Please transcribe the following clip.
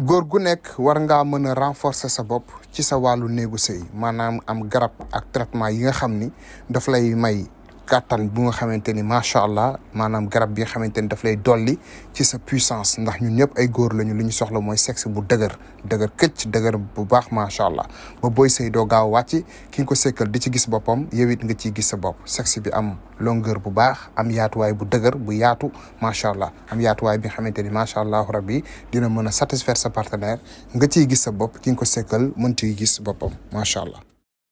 góor gu nekk war ngaa mën a renforcer sa bopp ci sa wàllu néegu sëy maanaam am garab ak traitement yi nga xam ni daf lay may kàttan bu nga xamante ni macha allah maanaam garab bi xamante ni dafa lay dolli ci sa puissance ndax ñun ñëpp ay góor lañu lu ñu soxla mooy sexe bu dëgër dëgër këcc dëgër bu baax macha allah ba booy sëy doo gaaw wàcc ki nga ko sekkal di ci gis boppam yow it nga ciy gis sa bopp sexe bi am longueur bu baax am yaatuwaay bu dëgër bu yaatu macha allah am yaatuwaay bi xamante ni macha allah rabbi dina mën a satisfaire sa partenaire nga ciy gis sa bopp ki nga ko sekkal mën ciy gis boppam macha allah.